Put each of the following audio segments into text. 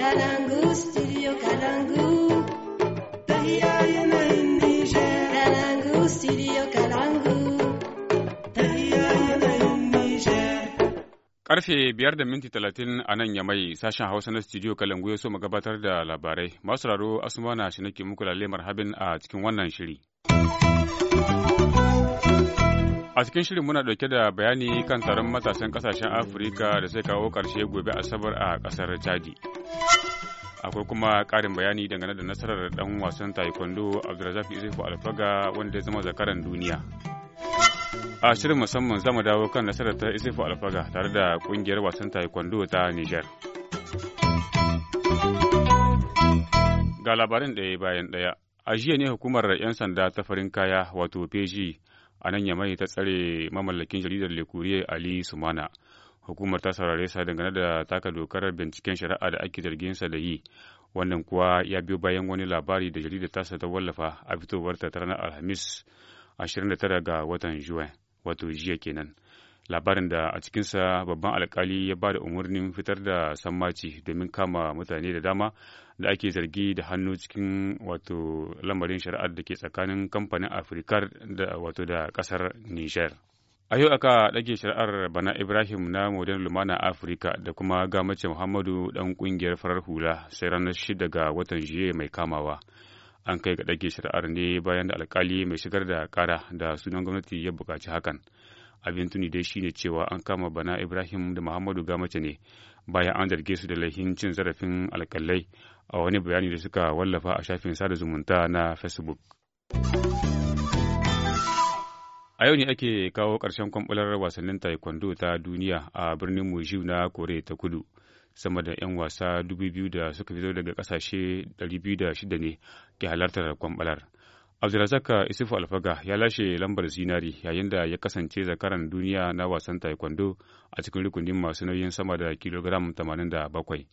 Kalangu, studio Kalangu. Karfe biyar da minti talatin a nan ya mai sashen Hausa na studio Kalangu ya so mu gabatar da labarai. Masu raro Asumana shi nake muku lalemar habin a cikin wannan shiri. A cikin shirin muna dauke da bayani kan taron matasan kasashen Afirka da sai kawo ƙarshe gobe Asabar a ƙasar Chadi. Akwai kuma ƙarin bayani dangane da nasarar ɗan wasan taekwondo Abdulrazak Isufu Alfaga wanda ya zama zakaran duniya. A shirin musamman za mu dawo kan nasarar ta Isufu Alfaga tare da ƙungiyar wasan taekwondo ta Nijar. Ga labarin ɗaya bayan ɗaya. A jiya ne hukumar 'yan sanda ta farin kaya wato peji a nan yamai ta tsare mamallakin jaridar lekuriya ali sumana hukumar ta saurare sa dangane da taka dokar binciken shari'a da ake zargin sa da yi wannan kuwa ya biyo bayan wani labari da jaridar tasa ta wallafa a fitowar ta ranar alhamis 29 ga watan juwan wato jiya kenan labarin da a cikinsa babban alkali ya ba da umarnin fitar da sammaci domin kama mutane da dama da ake zargi da hannu cikin wato lamarin shari'ar da ke tsakanin kamfanin afirkar da wato da kasar niger a yau aka ɗage shari'ar bana ibrahim na modern lumana afirka da kuma gamace muhammadu dan kungiyar farar hula sai ranar shida ga watan jiye mai kamawa an kai ga ɗage shari'ar ne bayan da alkali mai shigar da kara da sunan gwamnati ya buƙaci hakan abin tuni dai shine cewa an kama bana ibrahim da muhammadu gamace ne bayan an zarge su da laifin cin zarafin alkalai a wani bayani da suka wallafa a shafin sada zumunta na facebook a yau ne ake kawo ƙarshen kwamɓalar wasannin taekwondo ta duniya a birnin mujiu na kore ta kudu sama da 'yan wasa 2,000 da suka fito daga ƙasashe 206 ne ke halartar kwamɓalar Abdulrazak Isufu Alfaga ya lashe lambar zinari yayin da ya kasance zakaran duniya na wasan taekwondo a cikin rukunin masu nauyin sama da kilogram 87.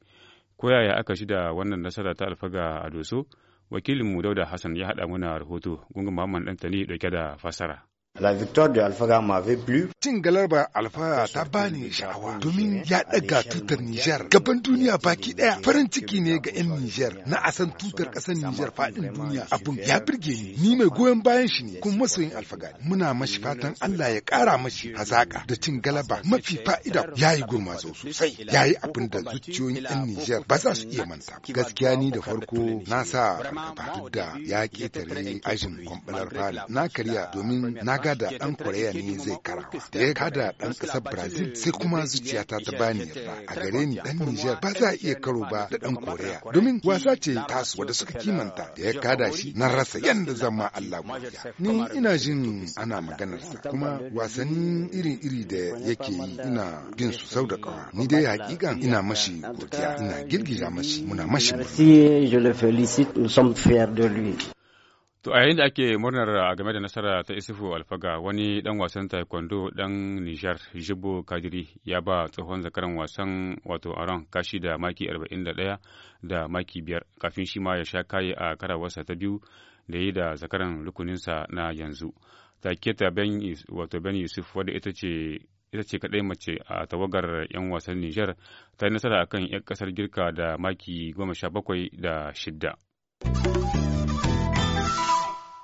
Koyaya aka shi da wannan nasara ta Alfaga a Doso, wakilinmu Dauda Hassan ya haɗa mana rahoto, gungun Muhammad Ɗantani ɗauke da fasara. La victoire de Alpha m'avait plu. Cin galarba Alpha ta bani sha'awa domin ya daga tutar Nijar gaban duniya baki daya. Farin ciki ne ga 'yan Nijar na asan tutar ƙasar Nijar faɗin duniya abun ya birge ni. Ni mai goyon bayan shi ne kuma masoyin Alpha Muna mashi fatan Allah ya ƙara mashi hazaka da cin galaba mafi fa'ida ya yi gurma sosai ya yi abin da zuciyoyin 'yan Nijar ba za su iya manta. Gaskiya ni da farko na sa fargaba duk da ya tare ajin kwamɓalar fala. Na karya domin na da ɗan Koreya ne zai karawa. Da ya kada ɗan ƙasar Brazil sai kuma zuciyata ta bani yarda a gare ni dan Nijar ba za a iya karo ba da ɗan Koreya. Domin wasa ce tasu wanda suka kimanta da ya kada shi na rasa yadda zama Allah godiya. Ni ina jin ana maganarsa kuma wasanni iri-iri da yake yi ina bin su sau da kawa. Ni dai hakikan ina mashi godiya ina girgiza mashi muna mashi. Merci, je le félicite, nous sommes fiers de lui. To a yayin da ake murnar a ah, game da nasara ta Isufu Alfaga wani dan wasan taekwondo dan Nijar Jibo Kadiri ya ba tsohon zakaran wasan wato Aron kashi da maki 41 da maki 5 kafin shi ma ya sha kaye a karawarsa ta biyu da yi da zakaran rukuninsa na yanzu. Taketa Ben wato Ben Yusuf wadda ita ce ita ce kaɗai mace a tawagar 'yan wasan Nijar ta yi nasara akan 'yan kasar Girka da maki goma sha bakwai da shidda.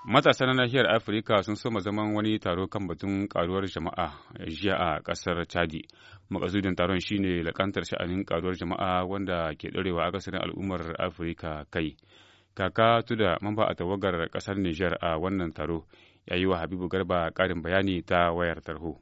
Matasa na nahiyar Afirka sun soma zaman wani taro kan batun karuwar jama'a jiya a kasar Chadi. Makasudin taron shine lakantar sha'anin karuwar jama'a wanda ke ɗorewa kasar al'ummar Afirka kai. Kaka tuda mamba a tawagar kasar Nijar a wannan taro ya yi wa Habibu Garba ƙarin bayani ta wayar tarho.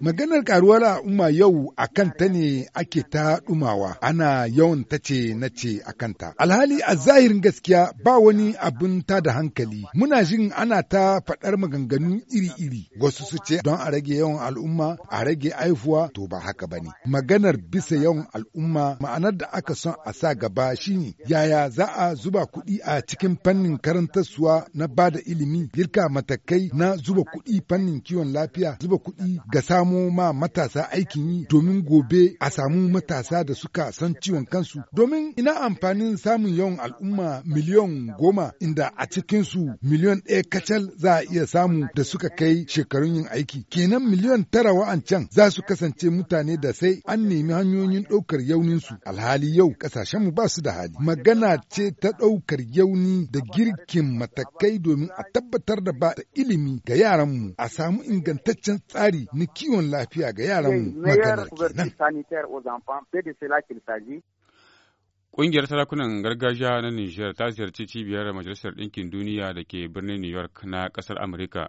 Maganar karuwar al'umma yau a kanta ne ake ta dumawa. ana yawan ta ce na ce a kanta. Alhali a zahirin gaskiya ba wani abin ta da hankali. Muna jin ana ta faɗar maganganu iri-iri, wasu su ce don a rage yawan al'umma, a rage aifuwa to ba haka ba ne. Maganar bisa yawan al'umma ma'anar da aka son a sa gaba shine yaya za a zuba kuɗi a cikin fannin karantarsuwa na bada ilimi, girka matakai na zuba kuɗi fannin kiwon lafiya zuba kuɗi ga samo ma matasa aikin yi domin gobe a samu matasa da suka san ciwon kansu domin ina amfanin samun yawan al'umma miliyon goma inda a cikin su miliyon ɗaya kacal za a iya samu da suka kai shekarun yin aiki kenan miliyon tara wa'ancan za su kasance mutane da sai an nemi hanyoyin ɗaukar su, alhali yau ƙasashenmu ba su da hali magana ce ta ɗaukar yauni da girkin matakai domin a tabbatar da ba ilimi ga yaranmu mu a samu ingantaccen tsari na kiwon lafiya ga yaran maganar kenan. Ƙungiyar sarakunan gargajiya na Nijar ta ziyarci cibiyar Majalisar Ɗinkin Duniya da ke birnin New York na ƙasar Amurka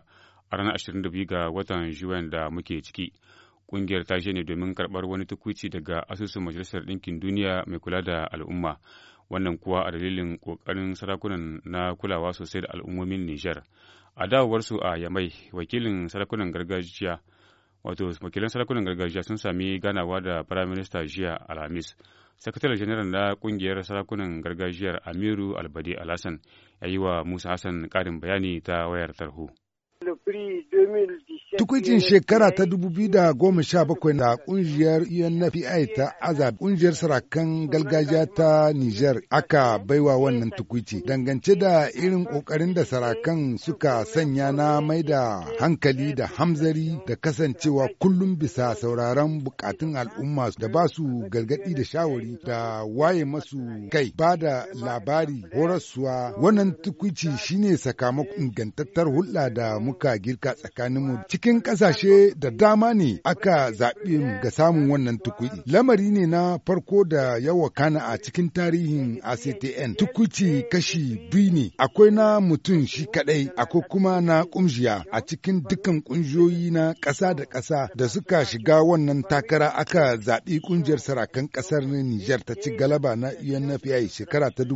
a ranar 22 ga watan Juwan da muke ciki. Ƙungiyar ta je ne domin karɓar wani tukuici daga asusun Majalisar Ɗinkin Duniya mai kula da al'umma. Wannan kuwa a dalilin ƙoƙarin sarakunan na kulawa sosai da al'ummomin Nijar. a dawowarsu a yamai wakilin sarakunan gargajiya wato wakilan sarakunan gargajiya sun sami ganawa da prime minister jiya alhamis sakataren janar na kungiyar sarakunan gargajiyar amiru albadi alhassan ya yi wa musa hassan karin bayani ta wayar tarho Tukuncin shekara ta 2017 da kungiyar UNFPI e ta azab kungiyar sarakan gargajiya ta Niger aka baiwa wannan tukuci Dangance da irin kokarin da sarakan suka sanya na mai da hankali da hamzari da kasancewa kullum bisa sauraron bukatun al'umma da ba su gargadi da shawari da waye masu kai ba da labari horaswa wannan tukuci shine sakamakon ingantattar hulɗa da muka girka tsakaninmu cikin cikin ƙasashe da dama ne aka zaɓi ga samun wannan tukuci. Lamari ne na farko da yawa kana a cikin tarihin ACTN. Tukuci kashi biyu ne, akwai na mutum shi kaɗai, akwai kuma na ƙungiya a cikin dukkan ƙungiyoyi na ƙasa da ƙasa da suka shiga wannan takara aka zaɓi ƙungiyar sarakan ƙasar Nijar ta ci galaba na UNFI e shekara ta da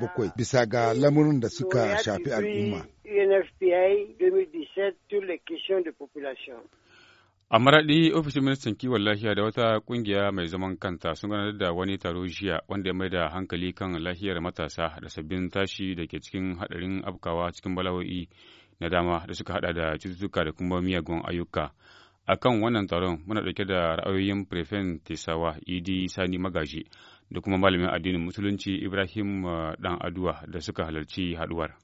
bakwai bisa ga lamurin da suka shafi al'umma. UNFPA 2017 sur les questions de population. A maraɗi ofishin ministan kiwon lafiya da wata ƙungiya mai zaman kanta sun gudanar da wani taro jiya wanda ya mai da hankali kan lafiyar matasa da sabbin tashi da ke cikin haɗarin afkawa cikin bala'o'i na dama da suka haɗa da cututtuka da kuma miyagun ayyuka. A kan wannan taron muna ɗauke da ra'ayoyin Prefen Tesawa Idi Sani Magaji da kuma malamin addinin Musulunci Ibrahim Dan eh, Aduwa da suka halarci haɗuwar.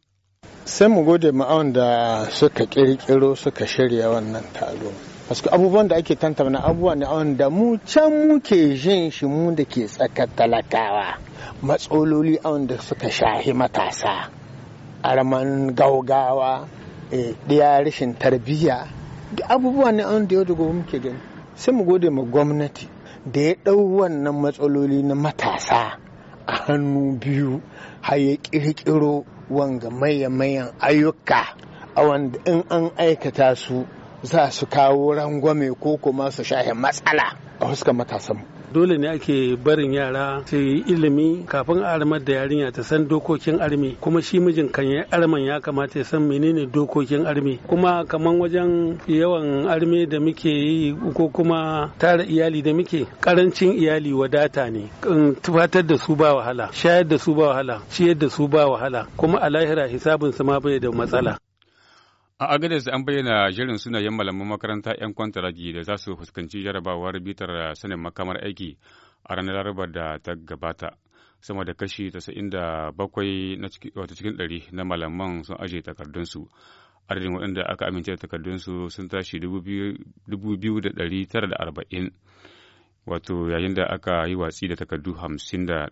sai mu gode ma'aun da suka kirkiro suka shirya wannan taro wasu abubuwan da ake tantauna abubuwa ne wanda mu can muke jin shi mu da ke tsakar talakawa matsaloli wanda suka shahi matasa arman gaugawa eh, ɗaya rashin tarbiyya abubuwa ne wanda yau da gobe muke gani sai mu gode ma gwamnati da ya ɗau wannan matsaloli na matasa a hannu biyu har ya ƙirƙiro wanga mayan ayyuka a wanda in an aikata su za su kawo rangwame ko kuma su shahe matsala a fuskar matasanmu dole ne ake barin yara su yi ilimi kafin a armar da yarinya ta san dokokin armi kuma shi mijin kan ya arman ya kamata ya san menene dokokin armi kuma kamar wajen yawan armi da muke yi ko kuma tara iyali da muke karancin iyali wadata ne tufatar da su ba wahala shayar da su ba wahala ciyar da su ba wahala kuma a lahira hisabin su ma bai da matsala A agnes an bayyana jerin yin malaman makaranta 'yan kwantaragi da za su fuskanci jarabawar bitar sanin makamar aiki a ranar Laraba da ta gabata. Sama da kashi 97 wato cikin ɗari na malaman sun ajiye takardunsu. Adadin waɗanda aka amince da takardunsu sun tashi 2,940 wato yayin da aka yi watsi da takardu 51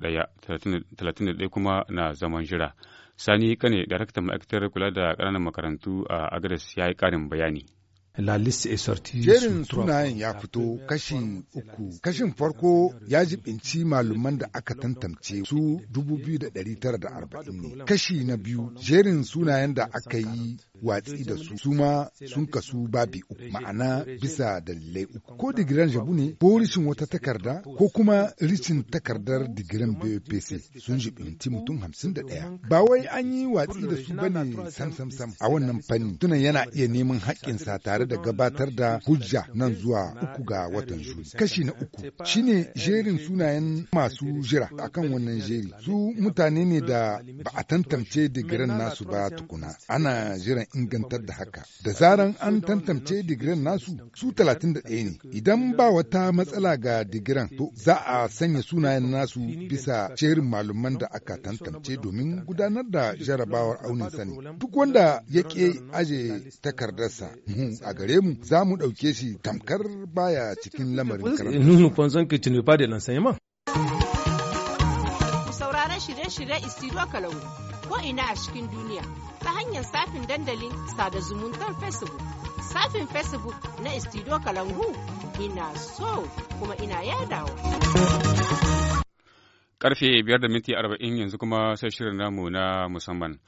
31 kuma na zaman jira. Sani Kane, daraktan ma'aikatar kula da ƙananan makarantu a Agres ya yi ƙarin bayani. Jerin sunayen ya fito kashi uku. Kashin farko ya jibinci malaman da aka tantance su 2,940 ne. Kashi na biyu jerin sunayen da aka yi watsi da su suma sun kasu babi uku ma'ana bisa dalilai uku ko digiran jabu ne ko rishin wata takarda ko kuma rishin takardar digiran BPC sun jibinci mutum hamsin da ɗaya ba wai an yi watsi da su bane sam sam sam a wannan fanni tunan yana iya neman haƙƙinsa tare da gabatar da hujja nan zuwa uku ga watan Juli kashi na uku shine jerin sunayen masu jira akan wannan jeri su mutane ne da ba a tantance digiran nasu ba tukuna ana jiran ingantar da haka. Da zaran an tantance digiran nasu su 31 ne. Idan ba wata matsala ga digiran to za a sanya sunayen nasu bisa cerin malaman da aka tantance domin gudanar da jarabawar aunin sani. Duk wanda ya ke aje takardarsa mu hmm, a gare mu za mu ɗauke shi tamkar baya cikin lamarin karatu. Sauraron shirye-shirye Isidro ko'ina a cikin duniya ta hanyar safin dandalin sada zumuntar facebook safin facebook na istido kalangu ina so kuma ina yadawa karfe 5:40 minti arba'in yanzu kuma sai shirin namu na musamman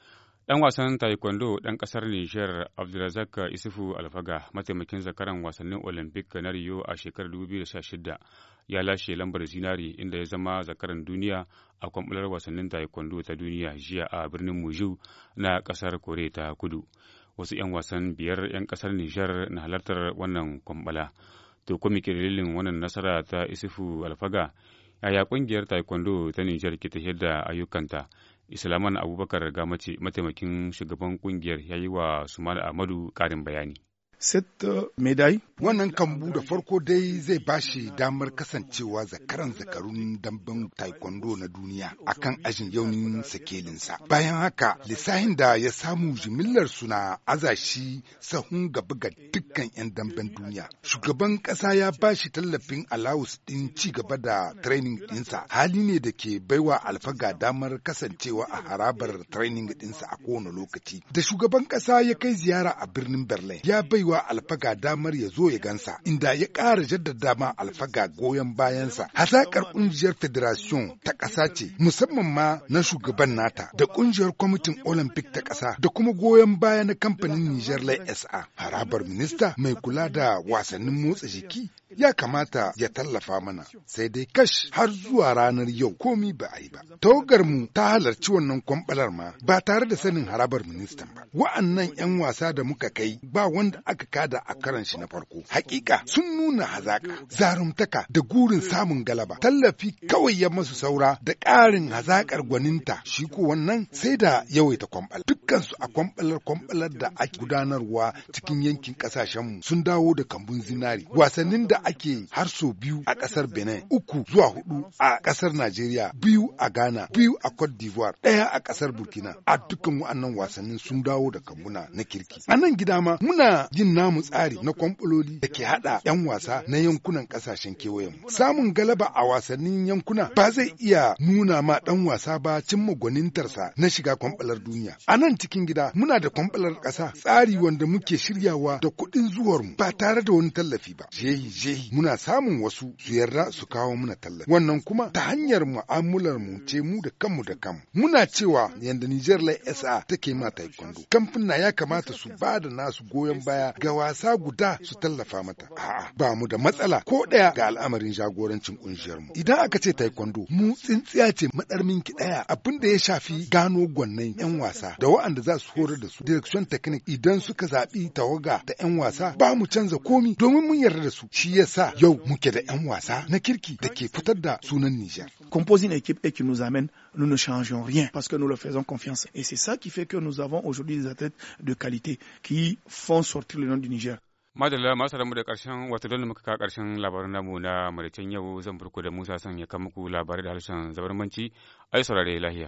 Ɗan wasan taekwondo ɗan ƙasar Nijar Abdulrazak Isufu Alfaga mataimakin zakaran wasannin Olympic na Rio a shekarar 2016 ya lashe lambar zinari inda ya zama zakaran duniya a kwamɓular wasannin taekwondo ta duniya jiya a birnin Muju na ƙasar Kore ta Kudu. Wasu 'yan wasan biyar 'yan ƙasar Nijar na halartar wannan kwamɓala. To kuma ke dalilin wannan nasara ta Isufu Alfaga yaya ƙungiyar taekwondo ta Nijar ke tafiyar da ayyukanta Islaman Abubakar Gamace mataimakin shugaban kungiyar ya yi wa Sumana Ahmadu karin bayani. cette euh, médaille. Wannan kambu da farko dai zai bashi damar kasancewa zakaran zakarun damben taekwondo na duniya akan ajin yaunin sakelinsa. Bayan haka, lissahin da ya samu jimillar suna azashi sahun gaba ga dukkan 'yan damben duniya. Shugaban ƙasa ya bashi tallafin alawus ɗin ci gaba da training ɗinsa. Hali ne da ke baiwa alfaga damar kasancewa a harabar training ɗinsa a kowane lokaci. Da shugaban ƙasa ya kai ziyara a birnin Berlin, ya baiwa wa alfaga damar ya zo ya gansa inda ya ƙara jaddada ma alfaga goyon bayansa hazaƙar ƙungiyar federation ta ƙasa ce musamman ma na shugaban nata da ƙungiyar kwamitin olympic ta ƙasa da kuma goyon baya na kamfanin niger lai sa harabar minista mai kula da wasannin motsa jiki ya kamata ya tallafa mana sai dai kash har zuwa ranar yau komi ba a yi ba. Tawagar mu ta halarci wannan kwambalar ma ba tare da sanin harabar ministan ba. Wa'annan 'yan wasa da muka kai ba wanda aka kada a karan shi na farko. Hakika sun nuna hazaka, zarumtaka da gurin samun galaba. Tallafi kawai ya masu saura da ƙarin hazakar gwaninta shi ko wannan sai da yawaita kwambala. Dukkansu a kwambalar kwambalar da ake gudanarwa cikin yankin ƙasashenmu sun dawo da kambun zinari. Wasannin da da ake har so biyu a ƙasar Benin, uku zuwa hudu a ƙasar Najeriya, biyu a Ghana, biyu a Cote d'Ivoire, ɗaya a ƙasar Burkina. A dukkan wa'annan wasannin sun dawo da kambuna na kirki. A nan gida ma muna yin namu tsari na kwamfuloli da ke hada 'yan wasa na yankunan kasashen kewayen. Samun galaba a wasannin yankuna ba zai iya nuna ma ɗan wasa ba cimma gwanintarsa na shiga kwamfalar duniya. A nan cikin gida muna da kwamfalar ƙasa tsari wanda muke shiryawa da kuɗin zuwarmu ba tare da wani tallafi ba. Jehi jehi muna samun wasu su yarda su kawo muna tallafi wannan kuma ta hanyar mu'amular mu ce mu da kanmu da kanmu muna cewa yanda Niger Lai SA take ma taekwondo kamfuna ya kamata su ba da nasu goyon baya ga wasa guda su tallafa mata a'a ba mu da matsala ko daya ga al'amarin jagorancin kungiyar mu idan aka ce taekwondo mu tsintsiya ce madarmin ki daya abin da ya shafi gano gwannan yan wasa da waɗanda za su horar da su direction technique idan suka zaɓi tawaga da yan wasa ba mu canza komi domin mun yarda da su shi shi yasa yau muke da 'yan wasa na kirki da ke fitar da sunan Nijar. Compose une équipe et qui nous amène, nous ne changeons rien parce que nous leur faisons confiance. Et c'est ça qui fait que nous avons aujourd'hui des athlètes de qualité qui font sortir le nom du Niger. madalla masu mu da ƙarshen wata don muka ka ƙarshen labarin namu na maraicen yau zan furko da musa son ya kama muku labarai da harshen zabarmanci ai saurare lahiya